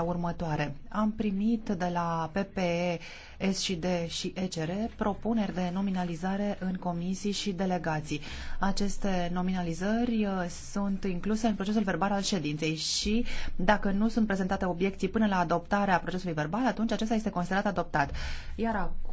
următoare. Am primit de la PPE, SCD și ECR propuneri de nominalizare în comisii și delegații. Aceste nominalizări uh, sunt incluse în procesul verbal al ședinței și dacă nu sunt prezentate obiecții până la adoptarea procesului verbal, atunci acesta este considerat adoptat. Iar acum